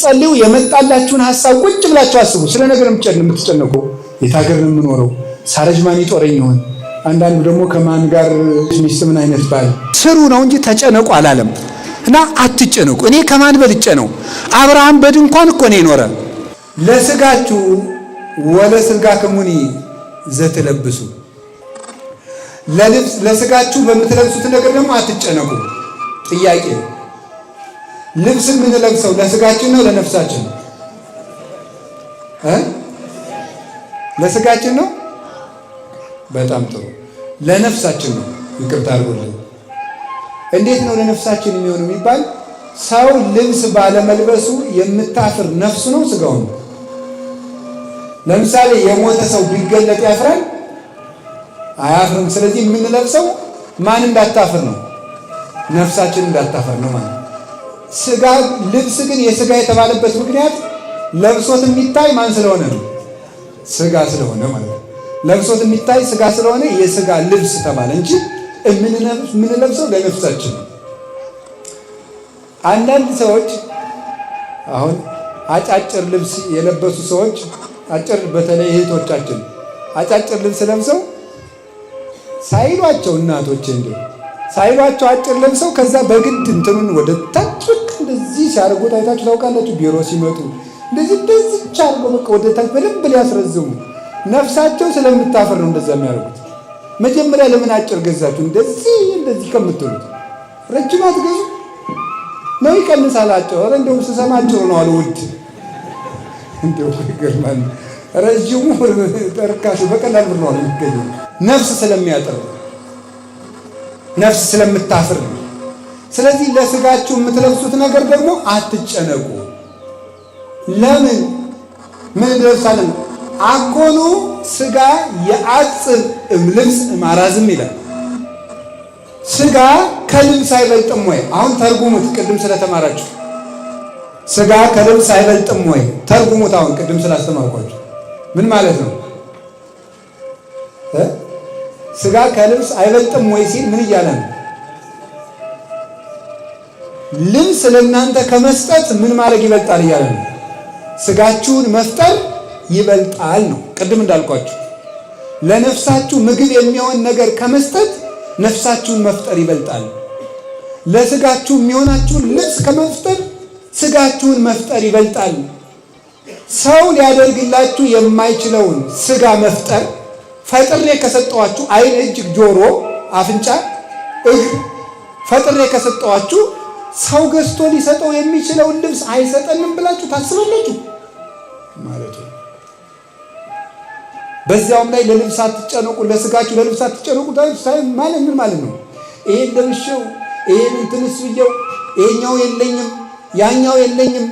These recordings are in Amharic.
ስትጸልዩ የመጣላችሁን ሀሳብ ቁጭ ብላችሁ አስቡ። ስለ ነገር የምትጨነቁ የት ሀገር ነው የምኖረው? ሳረጅ ማን ይጦረኝ ይሆን? አንዳንዱ ደግሞ ከማን ጋር ሚስት፣ ምን አይነት ባል። ስሩ ነው እንጂ ተጨነቁ አላለም። እና አትጨነቁ። እኔ ከማን በልጨ ነው? አብርሃም በድንኳን እኮ ነው የኖረ። ለስጋችሁ ወለሥጋክሙኒ ዘትለብሱ፣ ለስጋችሁ በምትለብሱት ነገር ደግሞ አትጨነቁ። ጥያቄ ልብስ የምንለብሰው ለስጋችን ነው ለነፍሳችን ነው? ለስጋችን ነው። በጣም ጥሩ። ለነፍሳችን ነው። ይቅርታ አድርጎልን። እንዴት ነው ለነፍሳችን የሚሆን የሚባል ሰው ልብስ ባለመልበሱ የምታፍር ነፍሱ ነው ስጋው ነው? ለምሳሌ የሞተ ሰው ቢገለጥ ያፍራል? አያፍርም። ስለዚህ የምንለብሰው ማን እንዳታፍር ነው? ነፍሳችን እንዳታፈር ነው ማለት ነው። ስጋ ልብስ ግን የስጋ የተባለበት ምክንያት ለብሶት የሚታይ ማን ስለሆነ ነው? ስጋ ስለሆነ ማለት ነው። ለብሶት የሚታይ ስጋ ስለሆነ የስጋ ልብስ ተባለ እንጂ የምንለብሰው ለነፍሳችን ነው። አንዳንድ ሰዎች አሁን አጫጭር ልብስ የለበሱ ሰዎች አጭር በተለይ እህቶቻችን አጫጭር ልብስ ለብሰው ሳይሏቸው እናቶች እንዲሁ ሳይሏቸው አጭር ለብሰው ከዛ በግድ እንትኑን ወደ ታች እንደዚህ ሲያደርጉ ታይታችሁ ታውቃላችሁ። ቢሮ ሲመጡ እንደዚህ እንደዚች ብቻ አድርገው በቃ ወደ ታች በደንብ ሊያስረዝሙ ነፍሳቸው ስለምታፈር ነው እንደዛ የሚያደርጉት። መጀመሪያ ለምን አጭር ገዛችሁ? እንደዚህ እንደዚህ ከምትሉት ረጅም አትገዙ ነው ይቀንሳል። አጭር ኧረ እንደውም ስሰማ አጭር ነው አሉ ውድ እንደው ይገርማል። ረዥሙ ተርካሽ በቀላል ብር ነው የሚገኘው ነፍስ ስለሚያጠሩ ነፍስ ስለምታፍር ነው። ስለዚህ ለስጋችሁ የምትለብሱት ነገር ደግሞ አትጨነቁ። ለምን ምን እንለብሳለን? አኮኑ ስጋ የአጽም ልብስ ማራዝም ይላል። ስጋ ከልብስ አይበልጥም ወይ? አሁን ተርጉሙት። ቅድም ስለተማራችሁ ስጋ ከልብስ አይበልጥም ወይ? ተርጉሙት። አሁን ቅድም ስላስተማርኳችሁ ምን ማለት ነው? ስጋ ከልብስ አይበልጥም ወይ ሲል ምን እያለ ነው? ልብስ ለእናንተ ከመስጠት ምን ማድረግ ይበልጣል እያለ ነው። ስጋችሁን መፍጠር ይበልጣል ነው። ቅድም እንዳልኳችሁ ለነፍሳችሁ ምግብ የሚሆን ነገር ከመስጠት ነፍሳችሁን መፍጠር ይበልጣል። ለስጋችሁ የሚሆናችሁን ልብስ ከመፍጠር ስጋችሁን መፍጠር ይበልጣል። ሰው ሊያደርግላችሁ የማይችለውን ስጋ መፍጠር ፈጥሬ ከሰጠዋችሁ አይን እጅ፣ ጆሮ፣ አፍንጫ፣ እግር ፈጥሬ ከሰጠዋችሁ ሰው ገዝቶ ሊሰጠው የሚችለውን ልብስ አይሰጠንም ብላችሁ ታስባላችሁ ማለት ነው። በዚያውም ላይ ለልብስ አትጨነቁ፣ ለስጋችሁ ለልብስ አትጨነቁ ማለት ምን ማለት ነው? ይሄን ለብሼው፣ ይሄን እንትንስ ብዬው፣ ይሄኛው የለኝም ያኛው የለኝም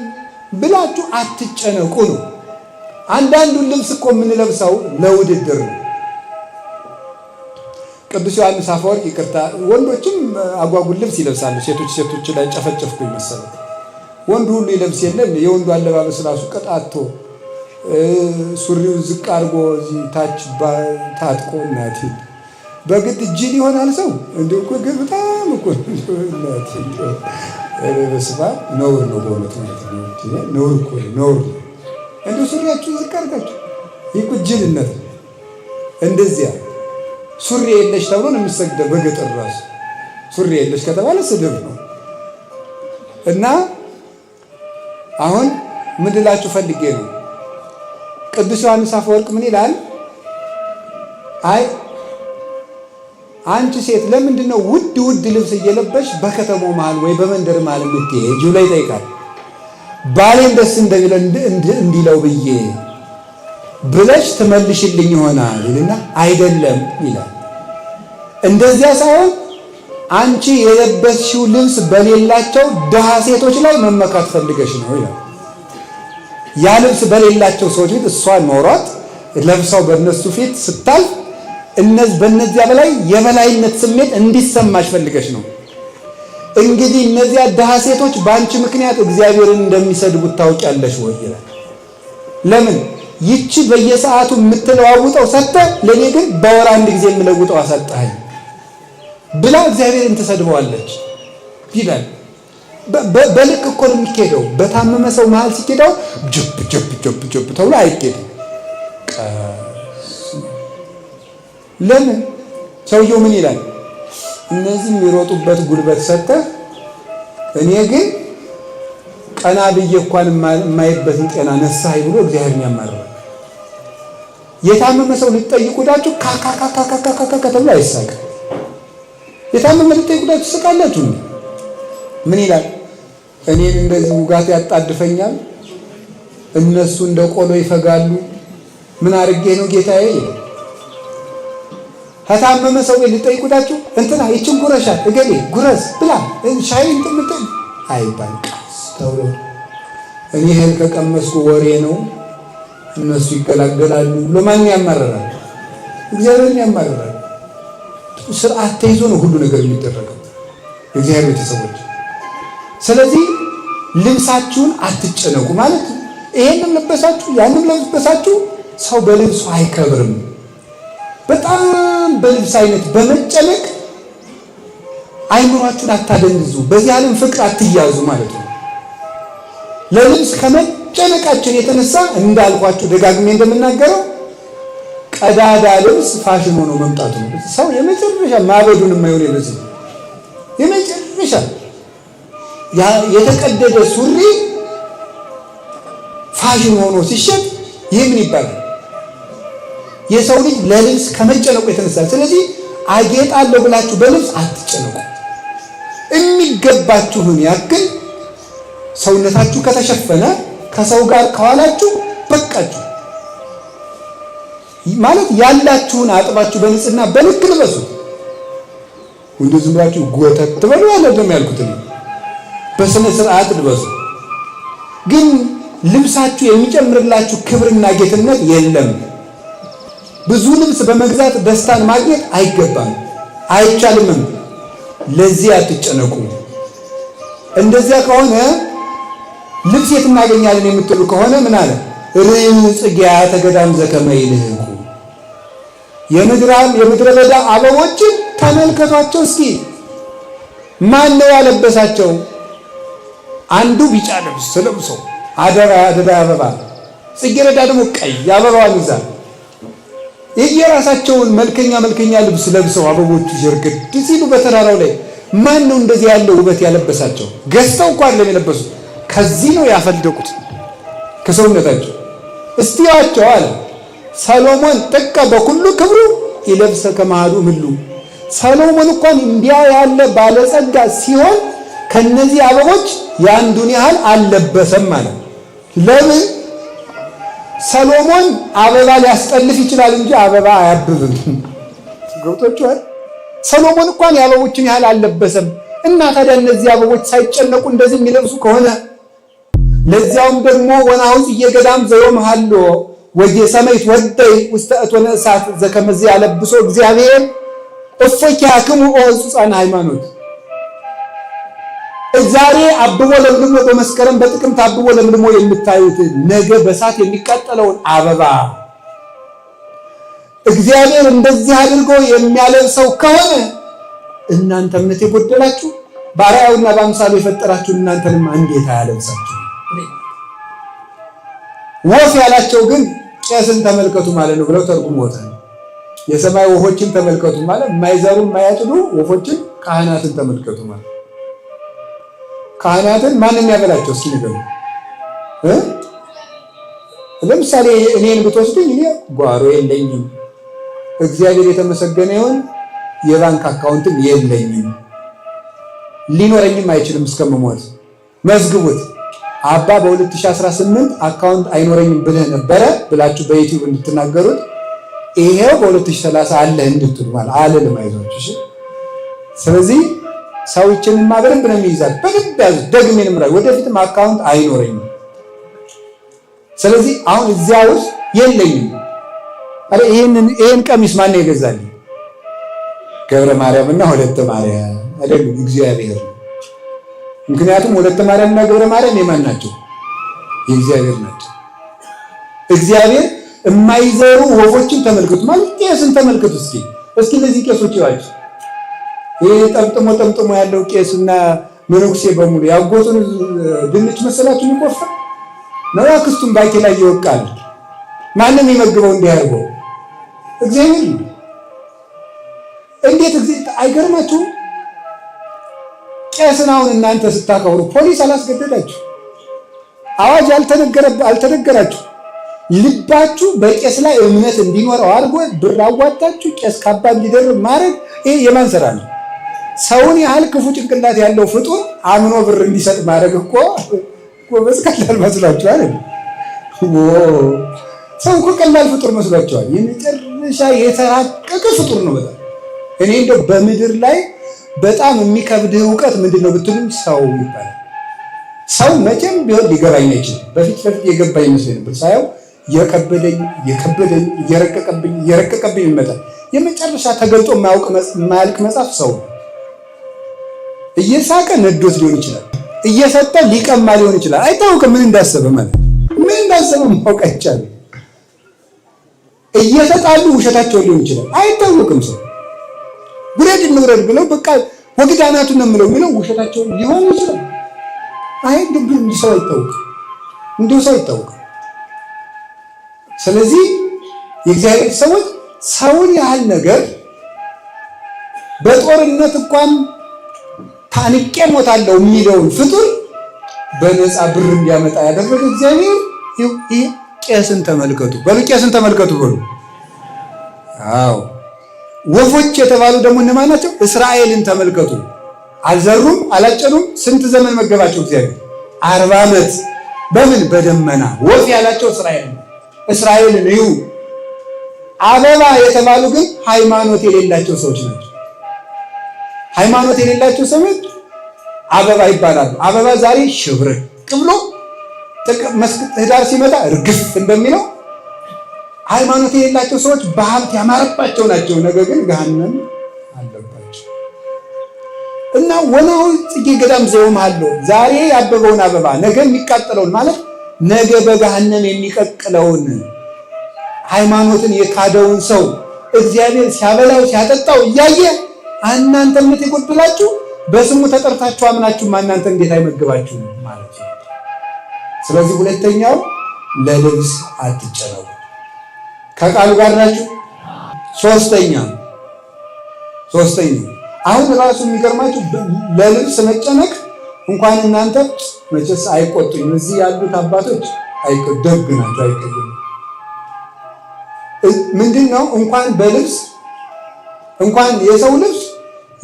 ብላችሁ አትጨነቁ ነው። አንዳንዱን ልብስ እኮ የምንለብሰው ለውድድር ነው። ቅዱስ ዮሐንስ አፈወርቅ ይቅርታ፣ ወንዶችም አጓጉል ልብስ ይለብሳሉ። ሴቶች ሴቶች ላይ ጨፈጨፍኩ ይመሰለው ወንዱ ሁሉ ይለብስ የለን የወንዱ አለባበስ ራሱ ቀጣቶ ሱሪውን ዝቅ አድርጎ እዚህ ታች ታጥቆ እናቴ በግድ ጅል ይሆናል ሰው። እንዲሁ እኮ ግን በጣም እኮ በስፋ ነውር ነው በእውነት ማለት ነው። ነውር እኮ ነውር ነው። እንዲሁ ሱሪያችሁ ዝቅ አድርጋችሁ ይህ ጅልነት ነው እንደዚያ ሱሪ የለሽ ተብሎ ነው የሚሰግደው በገጠር ራሱ ሱሪ የለሽ ከተባለ ስድብ ነው። እና አሁን ምን ልላችሁ ፈልጌ ነው ቅዱስ ዮሐንስ አፈወርቅ ምን ይላል? አይ አንቺ ሴት ለምንድን ነው ውድ ውድ ልብስ እየለበሽ በከተማው መሃል ወይ በመንደር መሃል የምትሄጂው? ላይ ይጠይቃል። ባሌን ደስ እንደሚለው እንዲለው ብዬ ብለሽ ትመልሽልኝ ይሆናል ይልና አይደለም ይላል። እንደዚያ ሳይሆን አንቺ የለበስሽው ልብስ በሌላቸው ድሃ ሴቶች ላይ መመካት ፈልገሽ ነው ይላል። ያ ልብስ በሌላቸው ሰዎች ፊት እሷን ኖሯት ለብሰው በእነሱ ፊት ስታይ በእነዚያ በላይ የበላይነት ስሜት እንዲሰማሽ ፈልገሽ ነው። እንግዲህ እነዚያ ድሃ ሴቶች በአንቺ ምክንያት እግዚአብሔርን እንደሚሰድቡት ታውቂያለሽ ወይ ይላል። ለምን ይቺ በየሰዓቱ የምትለዋውጠው ሰጠ፣ ለእኔ ግን በወር አንድ ጊዜ የምለውጠው አሰጠኝ ብላ እግዚአብሔርን ትሰድበዋለች ይላል። በልክ እኮ ነው የሚኬደው። በታመመ ሰው መሀል ሲኬዳው ጆብ ጆብ ጆብ ጆብ ተብሎ አይኬድም። ለምን ሰውየው ምን ይላል? እነዚህ የሚሮጡበት ጉልበት ሰጠ፣ እኔ ግን ቀና ብዬ እንኳን የማይበትን ጤና ነሳይ ብሎ እግዚአብሔርን ያማረዋል። የታመመ ሰው ልትጠይቁዳችሁ ካካካካካካካ ተብሎ አይሳቅም። የታመመ ልትጠይቁዳችሁ ስቃላችሁ ምን ይላል? እኔን እንደዚህ ውጋት ያጣድፈኛል፣ እነሱ እንደ ቆሎ ይፈጋሉ። ምን አድርጌ ነው ጌታዬ? ይላል። ከታመመ ሰው ልትጠይቁዳችሁ እንትና ይችን ጉረሻል እገሌ ጉረስ ብላ ሻይ እንትምትን አይባል ተብሎ እኔ እህል ከቀመስኩ ወሬ ነው እነሱ ይገላገላሉ። ለማን ያማረራል? እግዚአብሔርን ያማርራል። ስርዓት ተይዞ ነው ሁሉ ነገር የሚደረገው እግዚአብሔር ቤተሰቦች። ስለዚህ ልብሳችሁን አትጨነቁ ማለት ይሄንም ለበሳችሁ ያንም ለበሳችሁ። ሰው በልብሱ አይከብርም። በጣም በልብስ አይነት በመጨነቅ አይምሯችሁን አታደንዙ። በዚህ ዓለም ፍቅር አትያዙ ማለት ነው ለልብስ ከመ ከመጨነቃችን የተነሳ እንዳልኳችሁ ደጋግሜ እንደምናገረው ቀዳዳ ልብስ ፋሽን ሆኖ መምጣቱ ነው። ሰው የመጨረሻ ማበዱን የማይሆን የበዝ የመጨረሻ የተቀደደ ሱሪ ፋሽን ሆኖ ሲሸጥ ይህ ምን ይባላል? የሰው ልጅ ለልብስ ከመጨነቁ የተነሳ ስለዚህ አጌጣለሁ ብላችሁ በልብስ አትጨነቁ። የሚገባችሁን ያክል ሰውነታችሁ ከተሸፈነ ከሰው ጋር ከዋላችሁ በቃችሁ ማለት ያላችሁን አጥባችሁ በንጽህና በልክ ልበሱ። ወንድ ዝም ብላችሁ ጎተት ትበሉ አለደም ያልኩት በስነ ስርዓት ልበሱ። ግን ልብሳችሁ የሚጨምርላችሁ ክብርና ጌትነት የለም። ብዙ ልብስ በመግዛት ደስታን ማግኘት አይገባም፣ አይቻልምም። ለዚህ አትጨነቁ። እንደዚያ ከሆነ ልብስ የት እናገኛለን የምትሉ ከሆነ ምን አለ ርዕዩ ጽጌያ ተገዳም ዘከመ ይልህቁ የምድረ በዳ አበቦችን ተመልከቷቸው እስኪ ማን ነው ያለበሳቸው? አንዱ ቢጫ ልብስ ለብሶ አደራ አደዳ አበባ ጽጌረዳ ደግሞ ቀይ አበባዋን ይዛ የየራሳቸውን መልከኛ መልከኛ ልብስ ለብሰው አበቦቹ ጀርግድ ሲሉ በተራራው ላይ ማን ነው እንደዚህ ያለው ውበት ያለበሳቸው? ገዝተው እንኳን አይደለም የለበሱት ከዚህ ነው ያፈለቁት ከሰውነታቸው። እስቲዋቸው አለ ሰሎሞን ጥቀ በኩሉ ክብሩ ይለብሰ ከማዱ ምሉ። ሰሎሞን እንኳን እንዲያ ያለ ባለጸጋ ሲሆን ከነዚህ አበቦች የአንዱን ያህል አልለበሰም ማለት ለምን? ሰሎሞን አበባ ሊያስጠልፍ ይችላል እንጂ አበባ አያብብም። ገብቶችኋል? ሰሎሞን እንኳን የአበቦችን ያህል አልለበሰም። እና ታዲያ እነዚህ አበቦች ሳይጨነቁ እንደዚህ የሚለብሱ ከሆነ ለዚያውም ደግሞ ወናውዝ እየገዳም ዘዮም ሃሎ ወጌ ሰመይ ወደይ ውስተ እቶነ እሳት ዘከመዚ ያለብሶ እግዚአብሔር እፎኪያክሙ ኦ ዕጹጻነ ሃይማኖት ዛሬ አብቦ ለምልሞ በመስከረም በጥቅምት አብቦ ለምልሞ የምታዩት ነገ በእሳት የሚቃጠለውን አበባ እግዚአብሔር እንደዚህ አድርጎ የሚያለብሰው ከሆነ እናንተ እምነት የጎደላችሁ በአርአያውና በአምሳሉ የፈጠራችሁ እናንተንም እንዴት አያለብሳችሁ? ወፍ ያላቸው ግን ቄስን ተመልከቱ ማለት ነው ብለው ተርጉሞታል። የሰማይ ወፎችን ተመልከቱ ማለት ማይዘሩ ማያጭዱ ወፎችን ካህናትን ተመልከቱ ማለት ካህናትን ማንም ያበላቸው እስኪ ንገሩ። ለምሳሌ እኔን ብትወስዱኝ እኔ ጓሮ የለኝም፣ እግዚአብሔር የተመሰገነ ይሁን፣ የባንክ አካውንትም የለኝም፣ ሊኖረኝም አይችልም እስከምሞት መዝግቡት። አባ በ2018 አካውንት አይኖረኝም ብልህ ነበረ ብላችሁ በዩቲዩብ እንድትናገሩት ይሄው በ2030 አለህ እንድትሉ ማለት አልልም። አይዟችሁ እሺ። ስለዚህ ሰዎችን በደንብ ነው ይይዛል በደንብ ያዙ። ደግሜን ምራ ወደፊትም አካውንት አይኖረኝም። ስለዚህ አሁን እዚያ ውስጥ የለኝም። አረ ይሄንን ይሄን ቀሚስ ማን ነው ገብረ ማርያም እና ሁለት ማርያም አይደሉም እግዚአብሔር ነው ምክንያቱም ሁለተ ማርያምና ገብረ ማርያም የማን ናቸው? የእግዚአብሔር ናቸው። እግዚአብሔር የማይዘሩ ወፎችን ተመልክቱ ማለት ቄስን ተመልክቱ። እስኪ እስኪ እነዚህ ቄሶች ይዋቸው። ይሄ ጠምጥሞ ጠምጥሞ ያለው ቄስና መነኩሴ በሙሉ ያጎቱን ድንች መሰላችሁ የሚቆፍር ነው። አክስቱን ላይ ይወቃል። ማንም ይመግበው እንዲህ እግዚአብሔር እንዴት እግዚአብሔር አይገርማችሁም? ቄስን አሁን እናንተ ስታከብሩ ፖሊስ አላስገደዳችሁ፣ አዋጅ አልተነገራችሁ። ልባችሁ በቄስ ላይ እምነት እንዲኖረው አድርጎ ብር አዋጣችሁ ቄስ ካባ እንዲደርብ ማድረግ ይሄ የማን ስራ ነው? ሰውን ያህል ክፉ ጭንቅላት ያለው ፍጡር አምኖ ብር እንዲሰጥ ማድረግ እኮ ጎበዝ ቀላል መስሏቸዋል። ሰው እኮ ቀላል ፍጡር መስሏችኋል? የመጨረሻ የተራቀቀ ፍጡር ነው በጣም እኔ እንደው በምድር ላይ በጣም የሚከብድህ እውቀት ምንድን ነው ብትሉም ሰው ይባላል። ሰው መቼም ቢሆን ሊገባኝ አይችልም። በፊት ለፊት የገባ ይመስለኝ ነበር። ሳየው የከበደኝ የከበደኝ እየረቀቀብኝ እየረቀቀብኝ ይመጣል። የመጨረሻ ተገልጦ የማያልቅ መጽሐፍ ሰው ነው። እየሳቀ ነዶት ሊሆን ይችላል። እየሰጠ ሊቀማ ሊሆን ይችላል። አይታወቅም ምን እንዳሰበ ማለት ምን እንዳሰበ ማወቅ አይቻልም። እየተጣሉ ውሸታቸው ሊሆን ይችላል። አይታወቅም ሰው ውረድ እንውረድ ብለው በቃ ወግዳናቱ ነው የምለው የሚለው ውሸታቸውን ሊሆን ይችላል። አይ ሰው አይታወቅም፣ እንዲሁ ሰው አይታወቅም። ስለዚህ የእግዚአብሔር ሰዎች ሰውን ያህል ነገር በጦርነት እንኳን ታንቄ ሞታለሁ የሚለውን ፍጡር በነፃ ብር እንዲያመጣ ያደረገ እግዚአብሔር ይህ ቄስን ተመልከቱ በሉ፣ ቄስን ተመልከቱ በሉ። አዎ ወፎች የተባሉ ደግሞ እነማን ናቸው? እስራኤልን ተመልከቱ። አልዘሩም፣ አላጨሩም ስንት ዘመን መገባቸው እግዚአብሔር? አርባ ዓመት። በምን በደመና ወፍ ያላቸው እስራኤል እስራኤልን እዩ። አበባ የተባሉ ግን ሃይማኖት የሌላቸው ሰዎች ናቸው። ሃይማኖት የሌላቸው ሰዎች አበባ ይባላሉ። አበባ ዛሬ ሽብርቅ ብሎ ህዳር ሲመጣ እርግፍ እንደሚለው ሃይማኖት የሌላቸው ሰዎች በሀብት ያማረባቸው ናቸው፣ ነገር ግን ገሃነም አለባቸው እና ወነው ጽጌ ገዳም ዘውም አለው ዛሬ ያበበውን አበባ ነገ የሚቃጠለውን ማለት ነገ በገሃነም የሚቀቅለውን ሃይማኖትን የካደውን ሰው እግዚአብሔር ሲያበላው ሲያጠጣው እያየ እናንተ እምነት የጎደላችሁ በስሙ ተጠርታችሁ አምናችሁ እናንተ እንዴት አይመግባችሁም ማለት ነው። ስለዚህ ሁለተኛው ለልብስ አትጨነቁ። ከቃሉ ጋር ናችሁ። ሶስተኛ ሶስተኛ አሁን ራሱ የሚገርማችሁ ለልብስ መጨነቅ እንኳን እናንተ መቼስ አይቆጡኝም። እዚህ ያሉት አባቶች ደግ ናቸው፣ አይቀየሙ። ምንድን ነው እንኳን በልብስ እንኳን የሰው ልብስ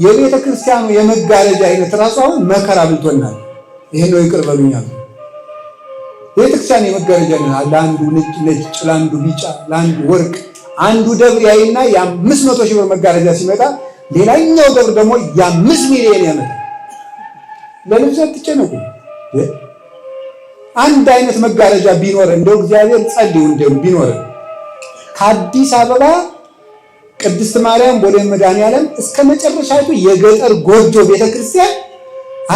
የቤተ ክርስቲያኑ የመጋረጃ አይነት ራሱ አሁን መከራ ብልቶናል። ይሄ ነው ይቅር በሉኛል። ቤተክርስቲያን የመጋረጃ ለአንዱ ነጭ ነጭ፣ ለአንዱ ቢጫ፣ ለአንዱ ወርቅ። አንዱ ደብር ያይና የአምስት መቶ ሺህ ብር መጋረጃ ሲመጣ ሌላኛው ደብር ደግሞ የአምስት ሚሊዮን ያመጣ። ለልብስ አትጨነቁ። አንድ አይነት መጋረጃ ቢኖር እንደው እግዚአብሔር ጸልዩ እንደው ቢኖር ከአዲስ አበባ ቅድስት ማርያም ቦሌ መድኃኔዓለም እስከ መጨረሻቱ የገጠር ጎጆ ቤተክርስቲያን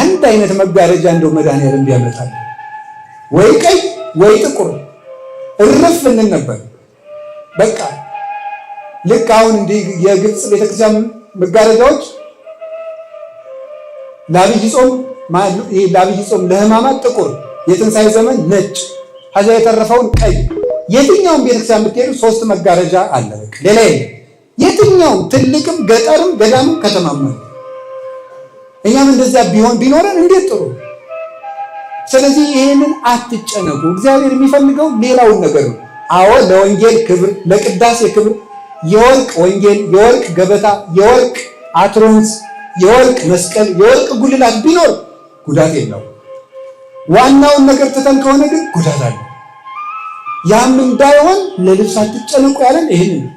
አንድ አይነት መጋረጃ እንደው መድኃኔዓለም ቢያመጣል ወይ ቀይ ወይ ጥቁር እርፍ እንል ነበር። በቃ ልክ አሁን እንዲህ የግብፅ ቤተክርስቲያን መጋረጃዎች ለአብይ ጾም ለአብይ ጾም ለሕማማት ጥቁር፣ የትንሣኤ ዘመን ነጭ፣ ሀዛ የተረፈውን ቀይ። የትኛውም ቤተክርስቲያን ብትሄዱ ሶስት መጋረጃ አለ። ሌላ የትኛውም ትልቅም፣ ገጠርም፣ ገዳምም ከተማም እኛም እንደዚያ ቢሆን ቢኖረን እንዴት ጥሩ ስለዚህ ይህንን አትጨነቁ። እግዚአብሔር የሚፈልገው ሌላውን ነገር ነው። አዎ ለወንጌል ክብር፣ ለቅዳሴ ክብር የወርቅ ወንጌል፣ የወርቅ ገበታ፣ የወርቅ አትሮንስ፣ የወርቅ መስቀል፣ የወርቅ ጉልላት ቢኖር ጉዳት የለው። ዋናውን ነገር ትተን ከሆነ ግን ጉዳት አለ። ያም እንዳይሆን ለልብስ አትጨነቁ ያለን ይህንን